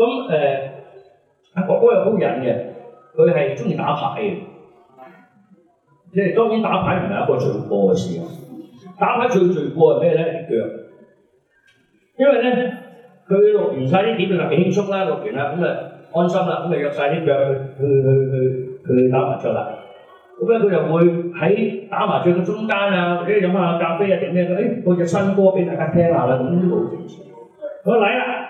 咁誒，阿、呃、哥哥又好癮嘅，佢係中意打牌嘅。你哋當然打牌唔係一個罪過嘅事咯，打牌最罪過係咩咧？腳。因為咧，佢落完晒啲碟就輕鬆啦，落完啦咁啊安心啦，咁啊約晒啲腳去去去去打麻雀啦。咁咧佢又會喺打麻雀嘅中間啊，或者飲下咖啡啊，點咩？誒，播隻新歌俾大家聽一下啦。咁都好正常。我嚟啦。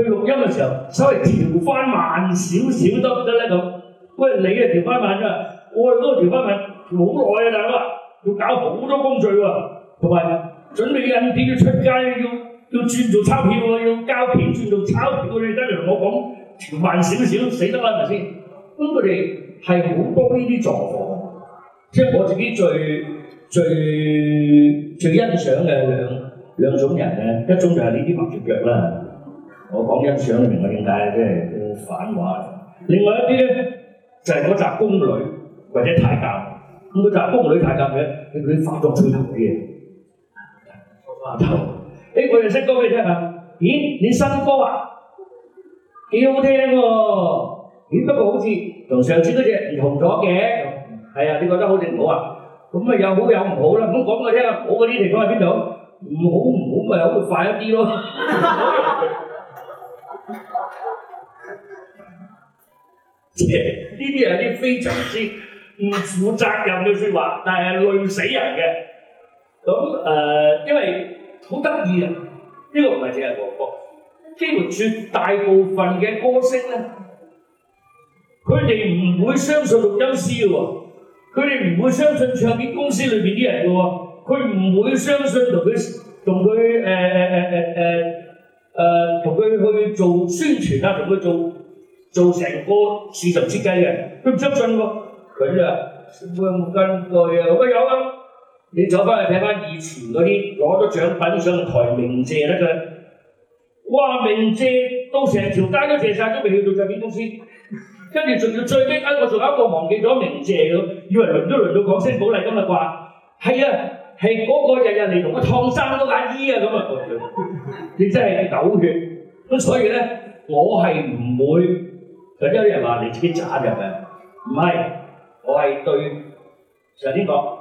去錄音嘅時候，稍微調翻慢少少得唔得咧？咁喂，你啊調翻慢啫，我哋嗰個調翻慢好耐啊大佬，要搞好多工序喎，同埋準備印票要出街要要轉做鈔票要交片轉做鈔票你得唔得？我講調慢少少死得啦，係咪先？咁佢哋係好多呢啲狀況，即我自己最最最欣賞嘅兩兩種人咧，一種就係呢啲白絕腳啦。我講欣賞，你明我點解，即係啲反話。是是華另外一啲咧，就係嗰扎宮女或者太監，咁佢扎宮女太監嘅，佢哋發作最頭啲。發作頭，誒，我哋識歌畀你聽？咦，你新歌啊？幾好聽喎、啊！咦，不過好似同上次嗰隻唔同咗嘅，係啊，你覺得好正唔好啊？咁啊，有好有唔好啦、啊，咁通講佢聽下，好嗰啲地方喺邊度？唔好唔好咪好快一啲咯。 呢啲係啲非常之唔負責任嘅説話，但係累死人嘅。咁誒、呃，因為好得意啊！呢、這個唔係淨係哥哥，幾乎絕大部分嘅歌星咧，佢哋唔會相信錄音師嘅喎，佢哋唔會相信唱片公司裏邊啲人嘅喎，佢唔會相信同佢同佢誒誒誒誒誒誒同佢去做宣傳啊，同佢做。做成個市場設計嘅，佢唔相信喎。佢啊，會唔根據我有啊。你走翻去睇翻以前嗰啲攞咗獎品上台鳴謝得嘅，哇！鳴謝到成條街都謝曬，都未去到唱片公司。跟住仲要最悲觀，我仲有一個忘記咗鳴謝嘅，以為輪到輪到講聲寶麗金咁啊啩。係啊，係嗰個日日嚟同我燙衫嗰個阿姨啊咁啊，你真係嘔血。咁所以呢，我係唔會。有啲人話你自己渣不嘅，唔係，我係對上天講，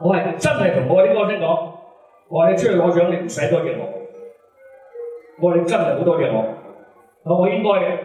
我係真係同我啲歌星講，我話你出去攞獎，你唔使多謝我，我話你真係好多謝我，係我應該嘅。